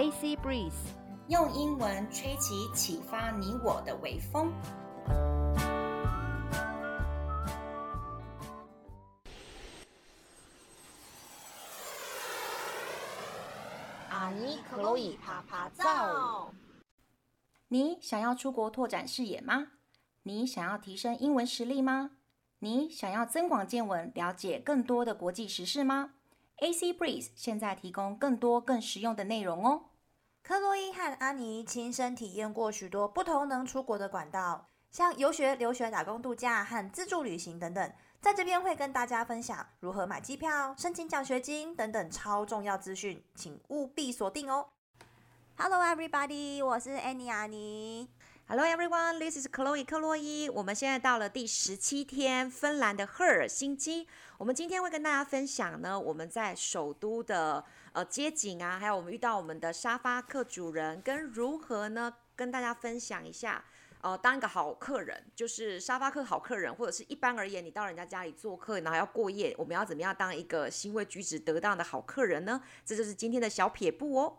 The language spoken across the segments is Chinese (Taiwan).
AC Breeze 用英文吹起，啟發你我的微風。阿尼克洛伊趴趴造，你想要出國拓展視野嗎？你想要提升英文實力嗎？你想要增廣見聞，了解更多的國際時事嗎？AC Breeze 現在提供更多更實用的內容哦！克洛伊和阿尼親身體驗過許多不同能出國的管道，像遊學、留學、打工度假和自助旅行等等。在這邊會跟大家分享如何買機票、申請獎學金等等超重要資訊，請務必鎖定哦。Hello, everybody，我是 Annie 阿尼。Hello everyone, this is Chloe 克洛伊。我們現在到了第十七天，芬蘭的赫爾辛基。我們今天會跟大家分享呢，我們在首都的呃街景啊，還有我們遇到我們的沙發客主人，跟如何呢跟大家分享一下。哦、呃，當一個好客人，就是沙發客好客人，或者是一般而言，你到人家家裡做客，然後要過夜，我們要怎麼樣當一個行為舉止得當的好客人呢？這就是今天的小撇步哦。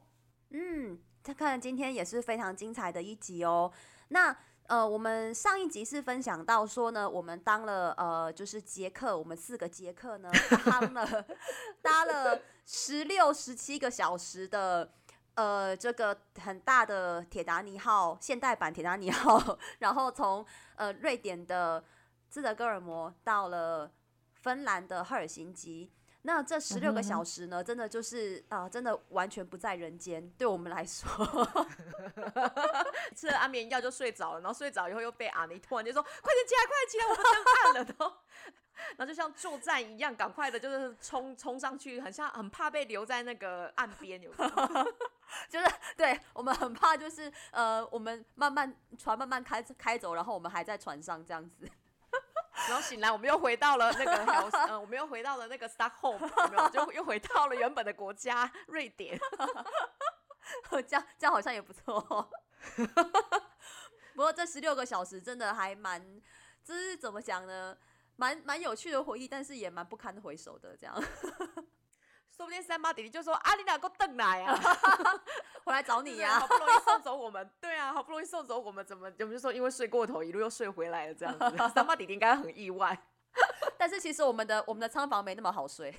嗯，那看今天也是非常精彩的一集哦。那呃，我們上一集是分享到說呢，我們當了呃，就是傑克，我們四個傑克呢， 當了搭了十六、十七個小時的呃，這個很大的鐵達尼號，現代版鐵達尼號，然後從呃瑞典的斯德哥爾摩到了芬蘭的赫爾辛基。那這十六個小時呢，真的就是、uh huh. 啊，真的完全不在人間。對我們來說， 吃了安眠藥就睡着了，然後睡着以後又被阿、啊、尼突然間說 ：“快點起來，快點起來，我們登岸了！”都， 然後就像作戰一樣，趕快的就是衝衝上去，很像很怕被留在那個岸邊，有時候 就是對我們很怕，就是呃，我們慢慢船慢慢開開走，然後我們還在船上這樣子。然後醒來，我們又回到了那個……嗯、 呃，我們又回到了那個 Stockholm 有沒有？就又回到了原本的國家，瑞典。 這樣這樣好像也不錯、哦。 不過這十六個小時真的還蠻……這是怎麼講呢？蠻蠻有趣的回憶，但是也蠻不堪回首的，這樣。 說不定三八弟弟就說：“啊，你給個等哪啊？我 來找你呀、啊！ 好不容易送走我們，對啊，好不容易送走我們，怎麼我們就說因為睡過頭，一路又睡回來了這樣子？” 三八弟弟應該很意外， 但是其實我們的我們的艙房沒那麼好睡，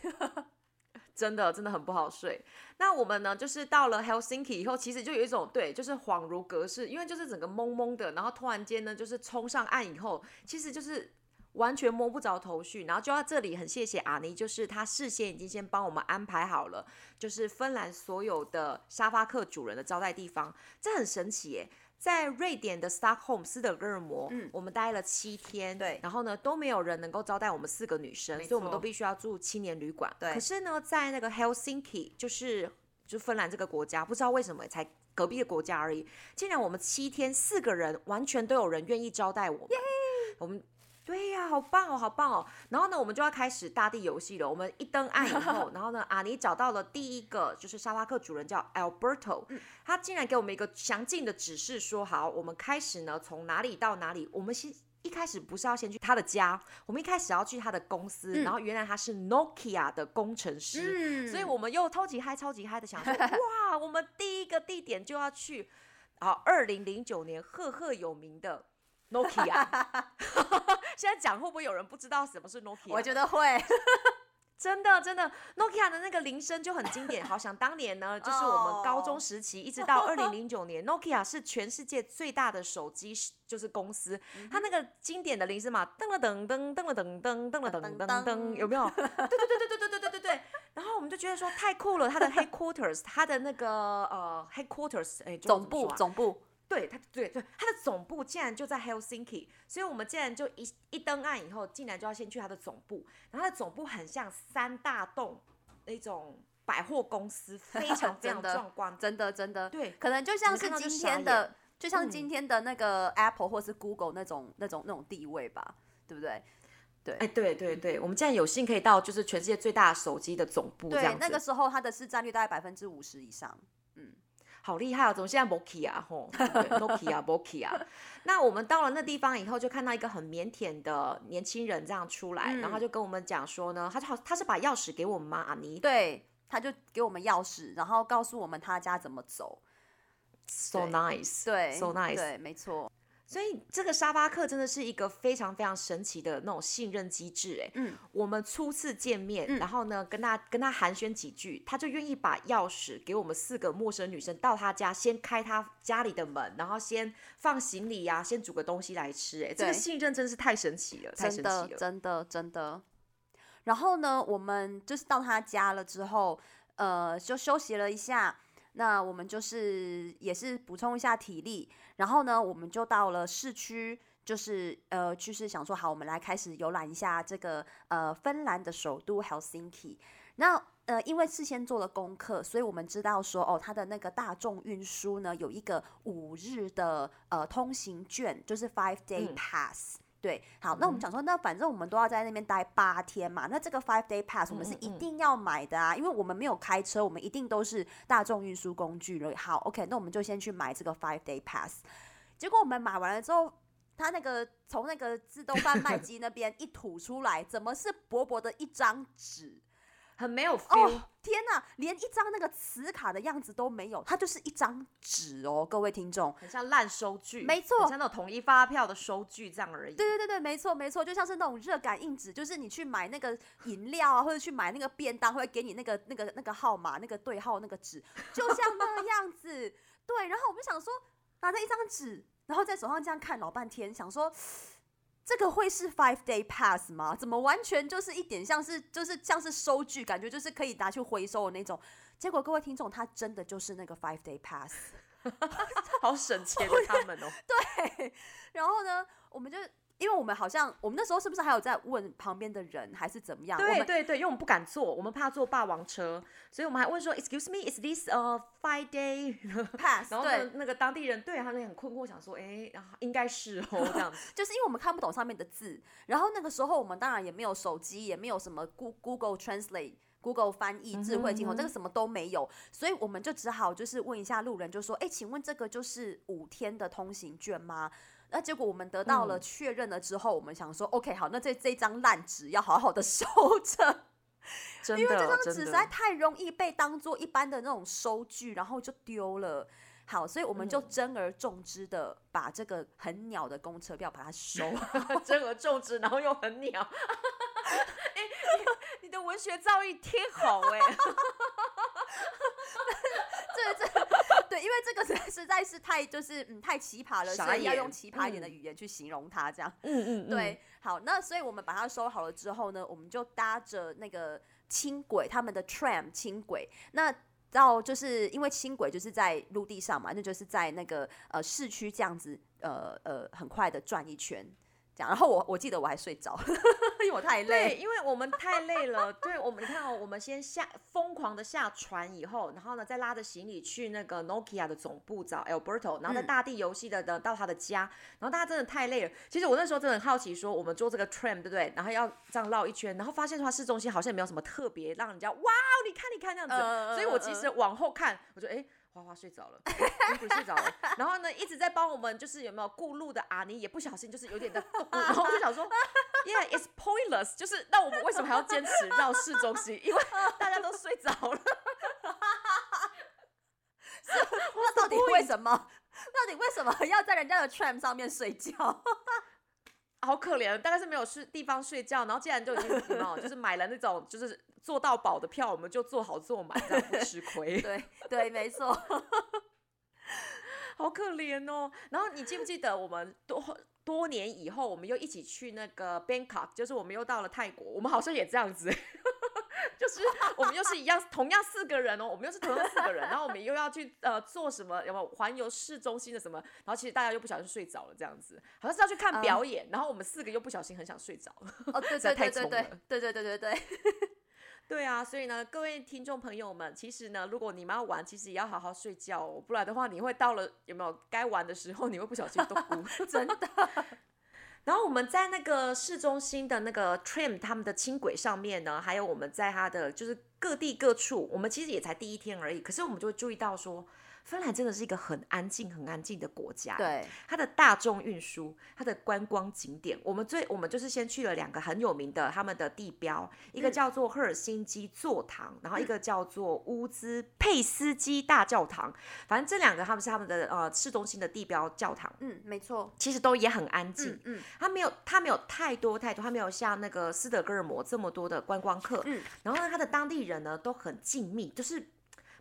真的真的很不好睡。那我們呢，就是到了 Helsinki 以後，其實就有一種對，就是恍如隔世，因為就是整個懵懵的，然後突然間呢，就是衝上岸以後，其實就是。完全摸不着頭緒，然後就到這裡，很謝謝阿尼，就是他事先已經先幫我們安排好了，就是芬蘭所有的沙發客主人的招待地方，這很神奇耶。在瑞典的 Stockholm 斯德哥爾摩，嗯，我們待了七天，對，然後呢都沒有人能夠招待我們四個女生，沒錯。所以我們都必須要住青年旅館。對，可是呢在那個 Helsinki，就是就芬蘭這個國家，不知道為什麼才隔壁的國家而已，竟然我們七天四個人完全都有人願意招待我們，Yeah! 我們。對呀、啊，好棒哦，好棒哦！然後呢，我們就要開始大地遊戲了。我們一登岸以後，然後呢，阿、啊、尼找到了第一個就是沙發客主人叫 Alberto，、嗯、他竟然給我們一個詳盡的指示說，說好，我們開始呢從哪裡到哪裡。我們先一開始不是要先去他的家，我們一開始要去他的公司，嗯、然後原來他是 Nokia、ok、的工程師，嗯、所以我們又超級嗨超級嗨的想說，哇，我們第一個地點就要去啊，二零零九年赫赫有名的。Nokia，現在講會不會有人不知道什麼是 Nokia？我覺得會，真的真的，Nokia 的那個鈴聲就很經典。好像當年呢，就是我們高中時期，一直到二零零九年，Nokia 是全世界最大的手機就是公司。它那個經典的鈴聲嘛，噔了噔噔噔了噔噔噔了噔噔噔，有沒有？對對對對對對對對對。然後我們就覺得說太酷了，它的 headquarters，它的那個呃 headquarters，哎，總部總部。對它，對對，它的總部竟然就在 Helsinki，所以我們竟然就一一登岸以後，竟然就要先去它的總部。然後它的總部很像三大棟那種百貨公司，非常非常的壯觀，真的 真的，真的真的對，可能就像是今天的，就，就像今天的那個 Apple 或是 Google 那種、嗯、那種那種地位吧，對不對？對，哎，對對對，我們竟然有幸可以到就是全世界最大的手機的總部，對，那個時候它的市佔率大概百分之五十以上。好厲害啊！怎麼現在 Nokia 哈，Nokia Nokia 啊？那我們到了那地方以後，就看到一個很靦腆的年輕人這樣出來，嗯、然後他就跟我們講說呢，他就好，他是把鑰匙給我們嗎？阿尼，啊、你對，他就給我們鑰匙，然後告訴我們他家怎麼走。So nice，對，So nice，對，沒錯。所以這個沙發客真的是一個非常非常神奇的那種信任機制，欸，哎、嗯，我們初次見面，然後呢，跟他跟他寒暄幾句，他就願意把鑰匙給我們四個陌生女生到他家，先開他家裡的門，然後先放行李呀、啊，先煮個東西來吃、欸，哎，這個信任真的是太神奇了，對太神奇了，真的真的真的。然後呢，我們就是到他家了之後，呃，就休息了一下。那我們就是也是補充一下體力，然後呢，我們就到了市區，就是呃，就是想說，好，我們來開始遊覽一下這個呃，芬蘭的首都 Helsinki。那呃，因為事先做了功課，所以我們知道說，哦，它的那個大眾運輸呢，有一個五日的呃通行券，就是 Five Day Pass。嗯對，好，那我們想說，那反正我們都要在那邊待八天嘛，那這個 five day pass 我們是一定要買的啊，因為我們沒有開車，我們一定都是大眾運輸工具。好，OK，那我們就先去買這個 five day pass。結果我們買完了之後，他那個從那個自動販賣機那邊一吐出來， 怎麼是薄薄的一張紙？很沒有 feel！Oh, 天吶，連一張那個磁卡的樣子都沒有，它就是一張紙哦，各位聽眾，很像爛收據，沒錯，像那種統一發票的收據這樣而已。對對對對沒錯沒錯，就像是那種熱感應紙，就是你去買那個飲料啊，或者去買那個便當，會給你那個那個那個號碼、那個對號那個紙，就像那樣子。 對，然後我們想說，拿着一張紙，然後在手上這樣看老半天，想說。這個會是 five day pass 嗎？怎麼完全就是一點像是就是像是收據，感覺就是可以拿去回收的那種？結果各位聽眾，他真的就是那個 five day pass， 好省錢的他們哦、喔。對，然後呢，我們就。因為我們好像，我們那時候是不是還有在問旁邊的人還是怎麼樣？對們對對，因為我們不敢坐，我們怕坐霸王車，所以我們還問說，Excuse me, is this a、uh, five-day pass？ 然後、那個、對那個當地人對他很困惑，想說，哎、啊，應該是哦，這樣， 就是因為我們看不懂上面的字。然後那個時候我們當然也沒有手機，也沒有什麼 Google Translate、Google 翻譯、智慧機，那、嗯嗯、個什麼都沒有，所以我們就只好就是問一下路人，就說，哎，請問這個就是五天的通行券嗎？那結果我們得到了確認了之後，嗯、我們想說，OK，好，那這這張爛紙要好好的收着，真的，因為這張紙實在太容易被當做一般的那種收據，然後就丟了。好，所以我們就珍而重之的把這個很鳥的公車票把它收，珍、嗯、 而重之，然後又很鳥。哎、 欸，你的文學造詣挺好哎、欸。這 這。對，因為這個實在是太就是嗯太奇葩了，所以要用奇葩一點的語言去形容它這樣。嗯嗯傻眼，對，好，那所以我們把它收好了之後呢，我們就搭着那個輕軌，他們的 tram 輕軌，那到就是因為輕軌就是在陸地上嘛，那就是在那個呃市區這樣子呃呃很快的轉一圈。然後我我記得我還睡着了， 因為我太累。對，因為我們太累了。 對，我們，你看哦，我們先下瘋狂的下船以後，然後呢，再拉着行李去那個 Nokia、ok、的總部找 Alberto，然後在大地遊戲的的、嗯、到他的家，然後大家真的太累了。其實我那時候真的很好奇，說我們坐這個 tram 對不對？然後要這樣繞一圈，然後發現的話，市中心好像也沒有什麼特別讓人家哇，你看你看這樣子。所以我其實往後看，我覺得哎。花花睡着了，你不睡着了，然後呢，一直在幫我們，就是有沒有過路的阿尼也不小心，就是有點的。然後我就想說 ，Yeah, it's pointless，就是那我們為什麼還要堅持繞市中心？因為大家都睡着了，是，那到底為什麼？到底為什麼要在人家的 tram 上面睡覺？好可憐，大概是沒有睡地方睡覺，然後竟然就已經什麼哦，就是買了那種就是坐到飽的票，我們就坐好坐滿，這樣不吃虧。 對對，沒錯，好可憐哦。然後你記不記得我們多多年以後，我們又一起去那個 Bangkok、ok, 就是我們又到了泰國，我們好像也這樣子。我們又是一樣，同樣四個人哦，我們又是同樣四個人，然後我們又要去呃做什麼？有沒有環遊市中心的什麼？然後其實大家又不小心睡着了，這樣子好像是要去看表演，然後我們四個又不小心很想睡着了。哦，對對對對對對對對對啊，所以呢，各位聽眾朋友們，其實呢，如果你們要玩，其實也要好好睡覺哦，不然的話，你會到了有沒有該玩的時候，你會不小心動。真的。然後我們在那個市中心的那個 tram，他們的輕軌上面呢，還有我們在它的就是各地各處，我們其實也才第一天而已，可是我們就注意到說。芬蘭真的是一個很安靜、很安靜的國家。對，它的大眾運輸、它的觀光景點，我們最我們就是先去了兩個很有名的他們的地標，一個叫做赫爾辛基座堂，嗯、然後一個叫做烏茲佩斯基大教堂。嗯、反正這兩個，他們是他們的呃市中心的地標教堂。嗯，沒錯。其實都也很安靜。嗯，嗯，它沒有，它沒有太多太多，它沒有像那個斯德哥爾摩這麼多的觀光客。嗯，然後呢，它的當地人呢都很靜謐，就是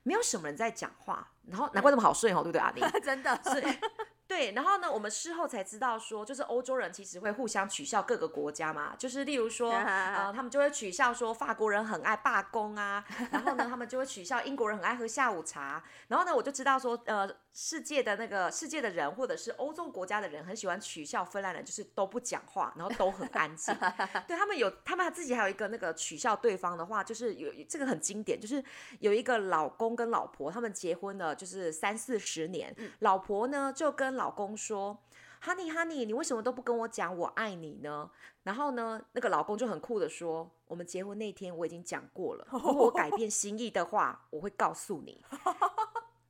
沒有什麼人在講話。然後難怪這麼好睡哦，嗯、對不對，阿尼？ 真的是。 對，然後呢，我們事後才知道說，就是歐洲人其實會互相取笑各個國家嘛，就是例如說，啊、呃，他們就會取笑說法國人很愛罷工啊， 然後呢，他們就會取笑英國人很愛喝下午茶，然後呢，我就知道說，呃，世界的那個世界的人或者是歐洲國家的人很喜歡取笑芬蘭人，就是都不講話，然後都很安靜。 對，他們有他們自己還有一個那個取笑對方的話，就是有這個很經典，就是有一個老公跟老婆他們結婚了，就是三四十年，嗯、老婆呢就跟。老公說：“Honey，Honey，你為什麼都不跟我講我愛你呢？”然後呢，那個老公就很酷地說：“我們結婚那天我已經講過了，如果我改變心意的話，我會告訴你。”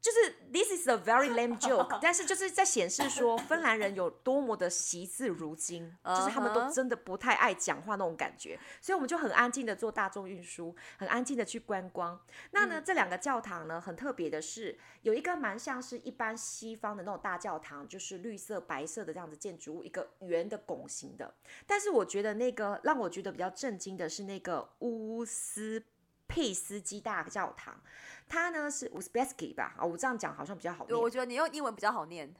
就是 this is a very lame joke， 但是就是在顯示說芬蘭人有多麼的惜字如金， 就是他們都真的不太愛講話那種感覺，所以我們就很安靜的坐大眾運輸，很安靜的去觀光。那呢，這兩個教堂呢，很特別的是，有一個蠻像是一般西方的那種大教堂，就是綠色白色的這樣子建築物，一個圓的拱形的。但是我覺得那個讓我覺得比較震驚的是那個烏斯。佩斯基大教堂，它呢是烏斯貝斯 n 吧？啊、哦，我這樣講好像比較好念。我覺得你用英文比較好念。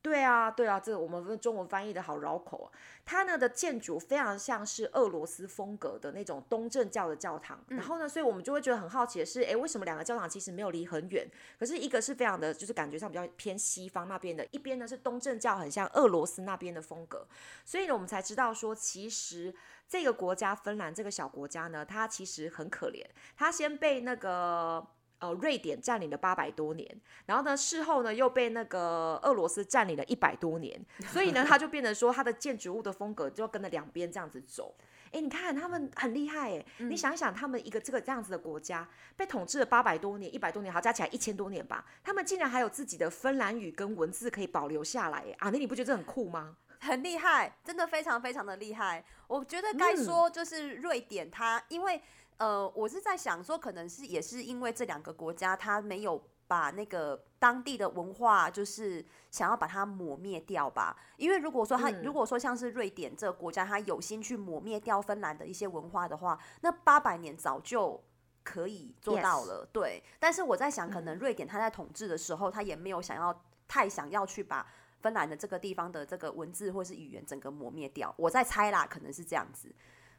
對啊，對啊，這個我們中文翻譯的好繞口啊。它呢的建築非常像是俄羅斯風格的那種東正教的教堂。嗯、然後呢，所以我們就會覺得很好奇的是，誒、欸，為什麼兩個教堂其實沒有離很遠，可是一個是非常的，就是感覺上比較偏西方那邊的，一邊呢是東正教，很像俄羅斯那邊的風格。所以呢，我們才知道說，其實。這個國家芬蘭這個小國家呢，它其實很可憐。它先被那個呃瑞典占領了八百多年，然後呢，事後呢又被那個俄羅斯占領了一百多年，所以呢，它就變成說它的建築物的風格就跟了兩邊這樣子走。哎、 欸，你看他們很厲害誒，嗯、你想一想他們一個這個這樣子的國家被統治了八百多年、一百多年，好加起來一千多年吧，他們竟然還有自己的芬蘭語跟文字可以保留下來啊，那你不覺得這很酷嗎？很厲害，真的非常非常的厲害。我覺得該說就是瑞典它，它、嗯、因為呃，我是在想說，可能是也是因為這兩個國家，它沒有把那個當地的文化，就是想要把它抹滅掉吧。因為如果說他，嗯、如果說像是瑞典這個國家，他有心去抹滅掉芬蘭的一些文化的話，那八百年早就可以做到了。嗯、對，但是我在想，可能瑞典它在統治的時候，它也沒有想要、嗯、太想要去把。芬蘭的這個地方的這個文字或是語言整個磨滅掉，我在猜啦，可能是這樣子。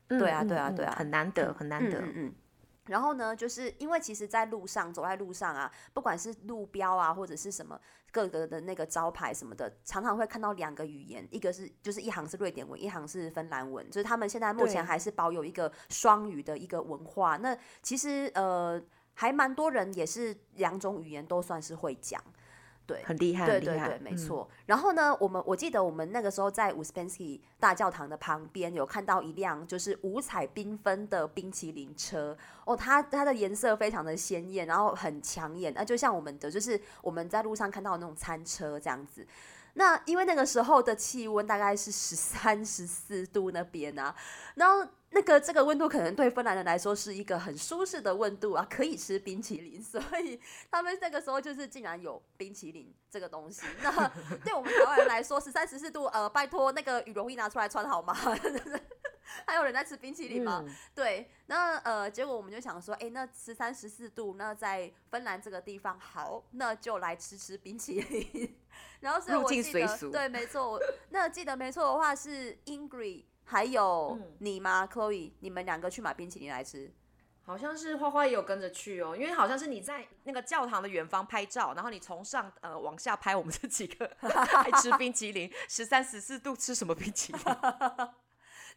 嗯、對啊，對啊，對啊，很難得，很難得。嗯嗯，嗯。然後呢，就是因為其實，在路上，走在路上啊，不管是路標啊，或者是什麼各個的那個招牌什麼的，常常會看到兩個語言，一個是就是一行是瑞典文，嗯、一行是芬蘭文，就是他們現在目前還是保有一個雙語的一個文化。對那其實呃，還蠻多人也是兩種語言都算是會講。對，很厲害，對，對對對，沒錯。嗯、然後呢，我們我記得我們那個時候在烏斯潘斯基大教堂的旁邊，有看到一輛就是五彩繽紛的冰淇淋車哦，它它的顏色非常的鮮豔，然後很搶眼，那、啊、就像我們的就是我們在路上看到的那種餐車這樣子。那因為那個時候的氣溫大概是十三、十四度那邊啊，然後。那個這個溫度可能對芬蘭人來說是一個很舒適的溫度啊，可以吃冰淇淋，所以他們那個時候就是竟然有冰淇淋這個東西。那對我們台灣人來說，十三十四度，呃，拜托那個羽絨衣拿出來穿好嗎？ 還有人在吃冰淇淋嗎？嗯、對，那呃，結果我們就想說，哎、欸，那十三十四度，那在芬蘭這個地方好，那就來吃吃冰淇淋。 然後是我記得入境隨俗，對，沒錯，那記得沒錯的話是 Ingrid。還有你嗎，嗯，Chloe？你們兩個去買冰淇淋來吃。好像是花花也有跟着去哦，因為好像是你在那個教堂的遠方拍照，然後你從上呃往下拍我們這幾個還吃冰淇淋，十三十四度吃什麼冰淇淋？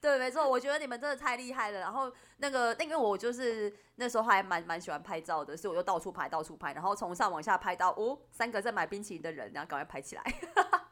對，沒錯，我覺得你們真的太厲害了。然後那個那個我就是那時候還蠻蠻喜歡拍照的，所以我就到處拍，到處拍，然後從上往下拍到哦，三個在買冰淇淋的人，然後趕快拍起來。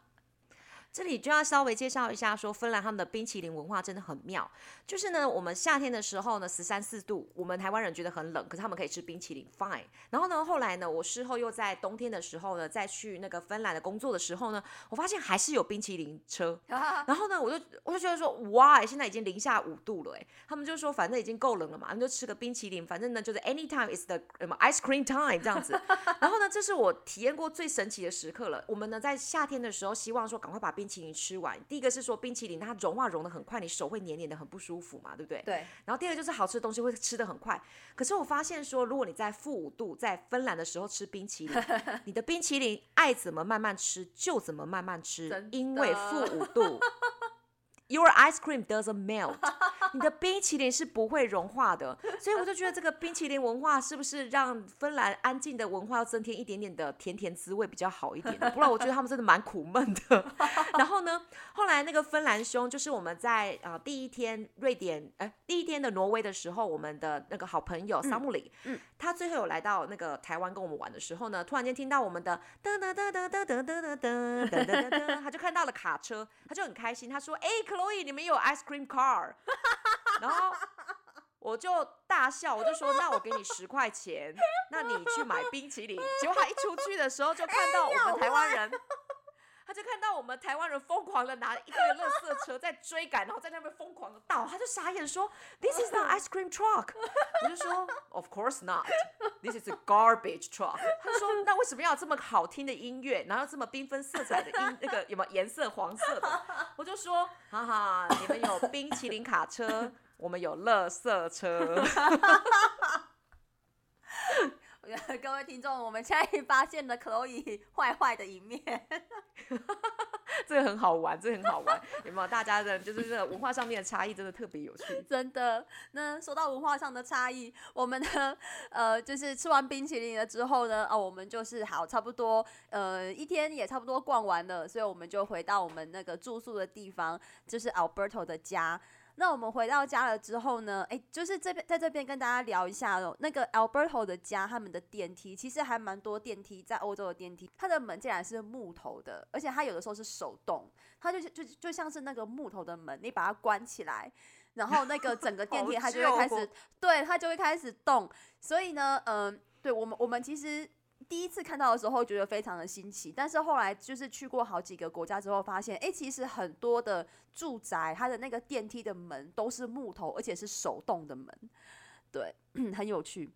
這裡就要稍微介紹一下，說芬蘭他們的冰淇淋文化真的很妙。就是呢，我們夏天的時候呢，十三四度，我們台灣人覺得很冷，可是他們可以吃冰淇淋，fine。然後呢，後來呢，我事後又在冬天的時候呢，再去那個芬蘭的工作的時候呢，我發現還是有冰淇淋車。然後呢，我就我就覺得說，why 現在已經零下五度了哎，他們就說反正已經夠冷了嘛，那就吃個冰淇淋，反正呢就是 anytime is the 什麼 ice cream time 這樣子。 然後呢，這是我體驗過最神奇的時刻了。我們呢在夏天的時候，希望說趕快把冰冰淇淋吃完，第一個是說冰淇淋它融化融的很快，你手會黏黏的，很不舒服嘛，對不對？對。然後第二個就是好吃的東西會吃的很快，可是我發現說，如果你在負五度，在芬蘭的時候吃冰淇淋， 你的冰淇淋愛怎麼慢慢吃就怎麼慢慢吃，真的。因為負五度 ，your ice cream doesn't melt。你的冰淇淋是不會融化的，所以我就覺得這個冰淇淋文化是不是讓芬蘭安靜的文化要增添一點點的甜甜滋味，比較好一點？不然我覺得他們真的蠻苦悶的。然後呢，後來那個芬蘭兄就是我們在啊第一天瑞典哎第一天的挪威的時候，我們的那個好朋友薩姆里，嗯，他最後有來到那個台灣跟我們玩的時候呢，突然間聽到我們的噠噠噠噠噠噠噠噠噠噠噠，他就看到了卡車，他就很開心，他說：“哎克洛伊，你們有 ice cream car？” 然後我就大笑，我就說：“那我給你十塊錢，那你去買冰淇淋。”結果他一出去的時候，就看到我們台灣人，他就看到我們台灣人瘋狂的拿一個垃圾車在追趕，然後在那邊瘋狂的倒，他就傻眼說：“This is not ice cream truck。”我就說：“Of course not. This is a garbage truck。”他就說：“那為什麼要有這麼好聽的音樂？然後這麼繽紛色彩的音？那、這個有沒有顏色黃色的？”我就說：“哈哈，你們有冰淇淋卡車。”我們有垃圾車。 各位聽眾，我們現在發現了 Chloe 壞壞的一面， 這個很好玩，這個很好玩， 有沒有？大家的，就是這個文化上面的差異，真的特別有趣，真的。那說到文化上的差異，我們呢，呃，就是吃完冰淇淋了之後呢，哦、呃，我們就是好，差不多，呃，一天也差不多逛完了，所以我們就回到我們那個住宿的地方，就是 Alberto 的家。那我們回到家了之後呢，誒、欸，就是這邊在這邊跟大家聊一下哦。那個 Alberto 的家，他們的電梯其實還蠻多電梯，在歐洲的電梯，它的門竟然是木頭的，而且它有的時候是手動，它就就就，就像是那個木頭的門，你把它關起來，然後那個整個電梯它就會開始， 對，它就會開始動。所以呢，嗯、呃，對我們我們其實。第一次看到的時候覺得非常的新奇，但是後來就是去過好幾個國家之後，發現哎、欸，其實很多的住宅它的那個電梯的門都是木頭，而且是手動的門，對，很有趣。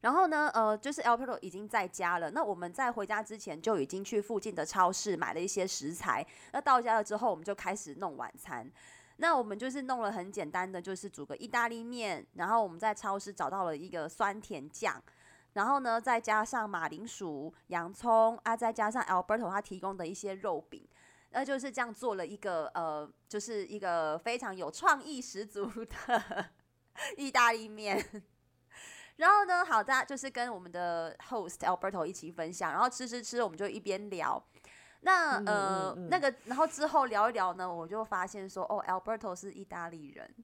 然後呢，呃，就是 Alberto 已經在家了，那我們在回家之前就已經去附近的超市買了一些食材。那到家了之後，我們就開始弄晚餐。那我們就是弄了很簡單的，就是煮個意大利麵，然後我們在超市找到了一個酸甜醬。然後呢，再加上馬鈴薯、洋蔥啊，再加上 Alberto 他提供的一些肉餅，那就是這樣做了一個呃，就是一個非常有創意十足的呵呵意大利麵。然後呢，好，大家就是跟我們的 host Alberto 一起分享，然後吃吃吃，我們就一邊聊。那呃，嗯嗯嗯那個，然後之後聊一聊呢，我就發現說，哦，Alberto 是意大利人。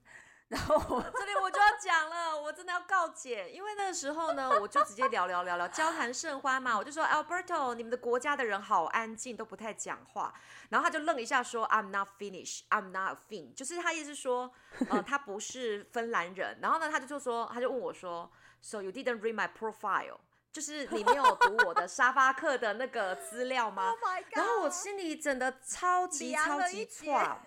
然後這裡我就要講了，我真的要告解，因為那個時候呢，我就直接聊聊聊聊，交談甚歡嘛，我就說 Alberto，你們的國家的人好安靜，都不太講話。然後他就愣一下說，I'm not Finnish，I'm not Finn，就是他意思說，呃，他不是芬蘭人。然後呢，他就就說，他就問我說，So you didn't read my profile？就是你沒有讀我的沙發客的那個資料嗎？ oh、my God，然後我心裡整得超級 超級差。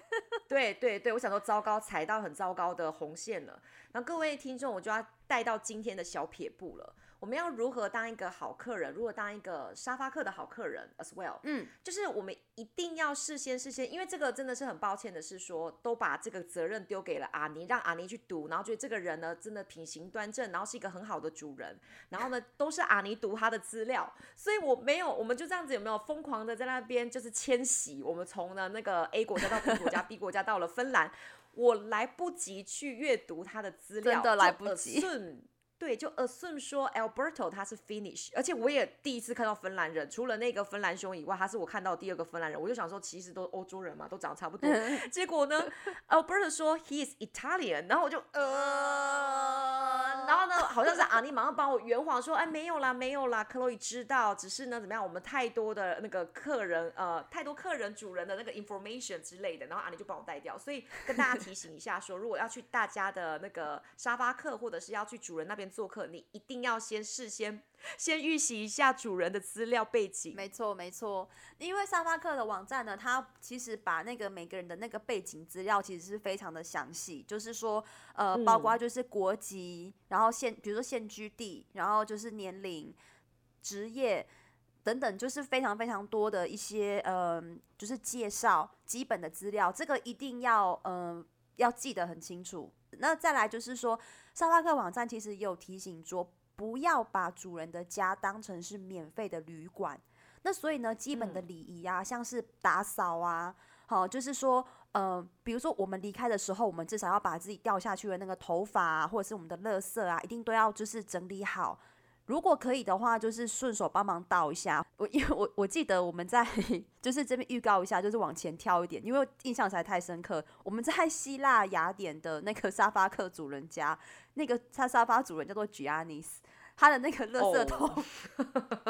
對對對，我想說糟糕，踩到很糟糕的紅線了。然後各位聽眾，我就要帶到今天的小撇步了。我們要如何當一個好客人？如何當一個沙發客的好客人，as well，嗯，就是我們一定要事先事先，因為這個真的是很抱歉的是說，都把這個責任丟給了阿尼，讓阿尼去讀，然後覺得這個人呢真的品行端正，然後是一個很好的主人，然後呢都是阿尼讀他的資料，所以我沒有，我們就這樣子有沒有瘋狂的在那邊就是遷徙？我們從呢那個 A 國家到 B 國家 ，B 國家到了芬蘭，我來不及去閱讀他的資料，真的，就來不及。Uh, 對，就 assume 說 Alberto 他是 Finnish，而且我也第一次看到芬蘭人，除了那個芬蘭兄以外，他是我看到第二個芬蘭人。我就想說，其實都歐洲人嘛，都長得差不多。 結果呢 ，Alberto 說 He is Italian，然後我就呃，然後呢，好像是阿尼馬上幫我圓謊說， 哎，沒有啦，沒有啦，克洛伊知道，只是呢，怎麼樣，我們太多的那個客人，呃，太多客人主人的那個 information 之類的，然後阿尼就幫我帶掉。所以跟大家提醒一下說，說如果要去大家的那個沙發客，或者是要去主人那邊。做客，你一定要先事先先預習一下主人的資料背景。沒錯，沒錯，因為沙發客的網站呢，它其實把那個每個人的那個背景資料其實是非常的詳細，就是說，呃，包括就是國籍，嗯、然後現比如說現居地，然後就是年齡、職業等等，就是非常非常多的一些，嗯、呃，就是介紹基本的資料，這個一定要，嗯、呃，要記得很清楚。那再來就是說。沙發客網站其實也有提醒說，不要把主人的家當成是免費的旅館。那所以呢，基本的禮儀啊，像是打掃啊，好，就是說，呃，比如說我們離開的時候，我們至少要把自己掉下去的那個頭髮啊，或者是我們的垃圾啊，一定都要就是整理好。如果可以的話，就是順手幫忙倒一下。我因為我我記得我們在就是這邊預告一下，就是往前跳一點，因為印象實在太深刻。我們在希臘雅典的那個沙發客主人家，那個沙沙發主人叫做 Giannis，他的那個垃圾桶，Oh.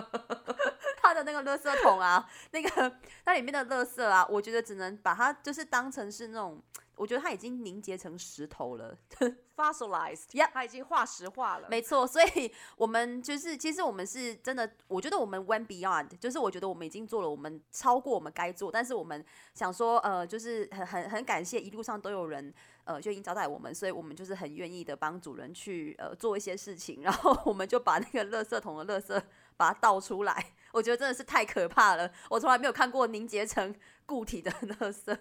他的那個垃圾桶啊，那個那裡面的垃圾啊，我覺得只能把它就是當成是那種。我覺得它已經凝結成石頭了 ，fossilized，Yeah, 它已經化石化了，沒錯。所以，我們就是，其實我們是真的，我覺得我們 went beyond，就是我覺得我們已經做了，我們超過我們該做。但是我們想說，呃，就是很很很感謝一路上都有人，呃，就已經招待我們，所以我們就是很願意的幫主人去呃做一些事情。然後我們就把那個垃圾桶的垃圾把它倒出來，我覺得真的是太可怕了，我從來沒有看過凝結成固體的垃圾。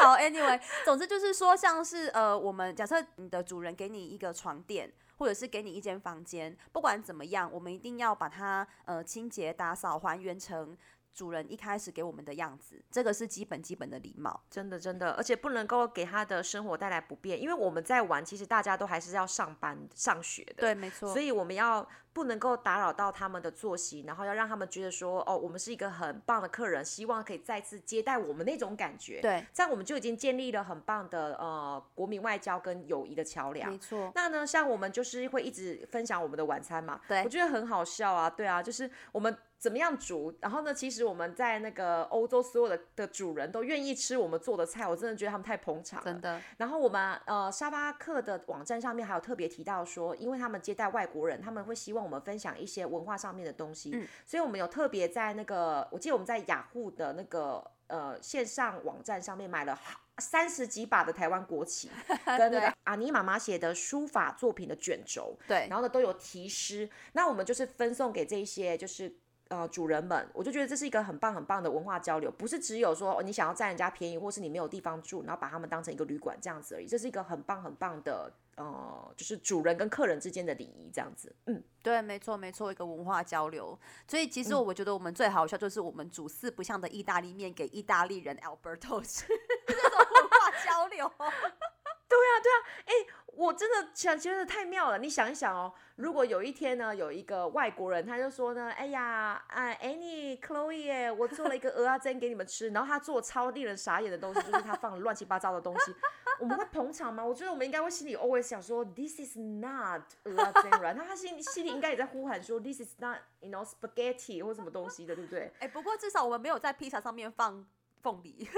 好，Anyway，總之就是說，像是呃，我們假設你的主人給你一個床墊，或者是給你一間房間，不管怎麼樣，我們一定要把它呃清潔、打掃、還原成。主人一開始給我們的樣子，這個是基本基本的禮貌，真的真的，而且不能夠給他的生活帶來不便，因為我們在玩，其實大家都還是要上班上學的，對，沒錯。所以我們要不能夠打擾到他們的作息，然後要讓他們覺得說，哦，我們是一個很棒的客人，希望可以再次接待我們那種感覺，對，這樣我們就已經建立了很棒的呃國民外交跟友誼的橋梁，沒錯。那呢，像我們就是會一直分享我們的晚餐嘛，對，我覺得很好笑啊，對啊，就是我們。怎麼樣煮？然後呢？其實我們在那個歐洲，所有的的主人都願意吃我們做的菜，我真的覺得他們太捧場了。真的。然後我們呃，沙巴克的網站上面還有特別提到說，因為他們接待外國人，他們會希望我們分享一些文化上面的東西。嗯。所以我們有特別在那個，我記得我們在雅虎，ah，的那個呃線上網站上面買了三十幾把的台灣國旗，跟那個阿尼媽媽寫的書法作品的卷軸。 對。然後呢，都有題詩。那我們就是分送給這些，就是。呃，主人們，我就覺得這是一個很棒很棒的文化交流，不是只有說你想要佔人家便宜，或是你沒有地方住，然後把他們當成一個旅館這樣子而已。這是一個很棒很棒的，呃，就是主人跟客人之間的禮儀這樣子。嗯，對，沒錯，沒錯，一個文化交流。所以其實我覺得我們最好笑就是我們煮四不像的意大利麵給意大利人 Alberto 吃。嗯， 這種文化交流。 對呀、啊，對呀、啊，誒、欸。我真的想覺得太妙了，你想一想哦，如果有一天呢，有一個外國人，他就說呢，哎呀、啊、，Annie, Chloe 我做了一個蚵仔煎給你們吃，然後他做超令人傻眼的東西，就是他放了亂七八糟的東西， 我們會捧場嗎？我覺得我們應該會心裡 always 想說 ，This is not 蚵仔煎那他心心裡應該也在呼喊說 ，This is not，you know spaghetti 或什麼東西的，對不對？哎、欸，不過至少我們沒有在披薩上面放鳳梨。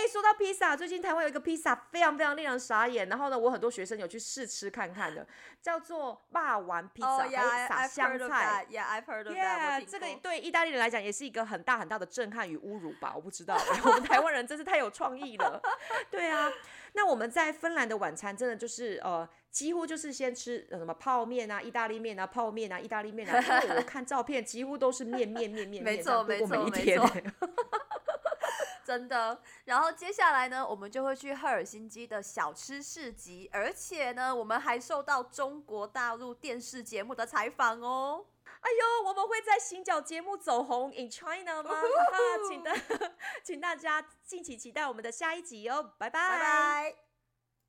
以、哎、說到披薩，最近台灣有一個披薩非常非常令人傻眼。然後呢，我很多學生有去試吃看看的，叫做“霸王披薩”，還、oh, yeah, 撒香菜。y、yeah, Yeah, 這個對意大利人來講也是一個很大很大的震撼與侮辱吧？我不知道，我們台灣人真是太有創意了。 對啊，那我們在芬蘭的晚餐真的就是呃，幾乎就是先吃什麼泡麵啊、意大利麵啊、泡麵啊、意大利麵啊。因為我看照片，幾乎都是麵麵麵麵，沒錯，這樣度過每一天，沒錯，沒錯。真的，然後接下來呢，我們就會去赫爾辛基的小吃市集，而且呢，我們還受到中國大陸電視節目的採訪哦。哎呦，我們會在行腳節目走紅 in China 嗎？Uh huh. 請大請大家敬請期待我們的下一集哦。拜拜。